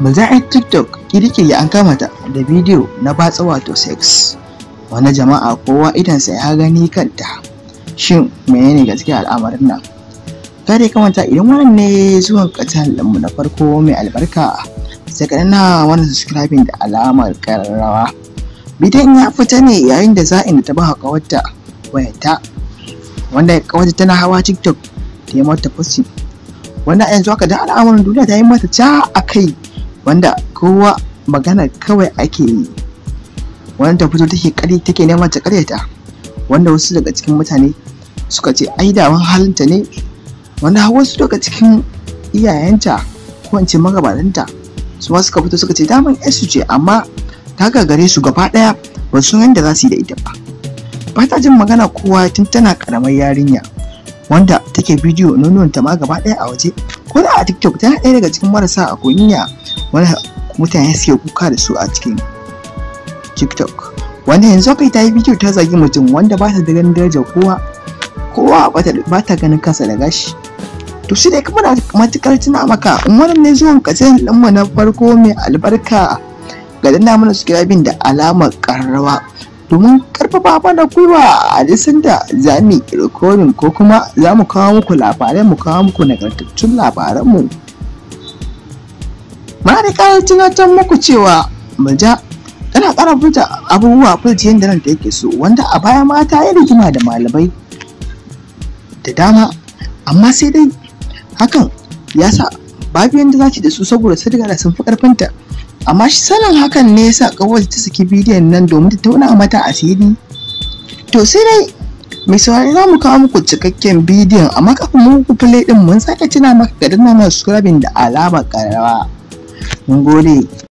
Manza'ar TikTok ya an kama ta da bidiyo na batsa wato sex. Wani jama'a kowa idansa ya gani kanta. Shin menene gaskiya al'amarin nan? Kare kamanta idan wannan ne zuwan mu na farko mai albarka sai ka na wannan subscribing da alamar kararrawa. Bidiyon ya fita ne yayin da za'in ta ba kawarta wayarta wanda kawarta tana hawa TikTok ta yi mata fusi. Wanda yanzu haka da al'amarin duniya ta yi mata ca a kai wanda kowa magana kawai ake yi wani ta fito take kari take neman ta karyata wanda wasu daga cikin mutane suka ce ai da wani halinta ne wanda wasu daga cikin iyayenta ko in ce magabatanta su ma suka fito suka ce daman su ce amma ta gagare su gaba daya ba su da za su yi da ita ba ba ta jin magana kowa tun tana karamar yarinya wanda take bidiyo ta ma gaba daya a waje ko da a tiktok tana ɗaya daga cikin marasa a kunya wani mutane suke kuka da su a cikin tiktok wanda yanzu kai ta yi bidiyo ta zagi mutum wanda ba ta ganin darajar kowa kowa ba ta ganin kansa da gashi to shi dai kuma da matukar tuna maka in ne zuwan ka ɗan mu na farko mai albarka ga danna mana subscribing da alamar karrawa domin karfafa mana gwiwa a disin da za mu rikodin ko kuma za mu kawo muku labarai mu kawo muku nagartattun labaranmu muna da kayan tunatar muku cewa Maja tana kara fita abubuwa fulci yadda nan da yake so wanda a baya ma ta yi rigima da malamai da dama amma sai dai hakan ya sa babu yadda za da su saboda sun riga da sun fi ƙarfinta amma shi sanin hakan ne ya sa kawai ta saki bidiyon nan domin ta tauna mata asiri to sai dai mai saurari za mu kawo muku cikakken bidiyon amma kafin mu ku play din mun sake tuna maka ga nan subscribing da alamar karawa mun gode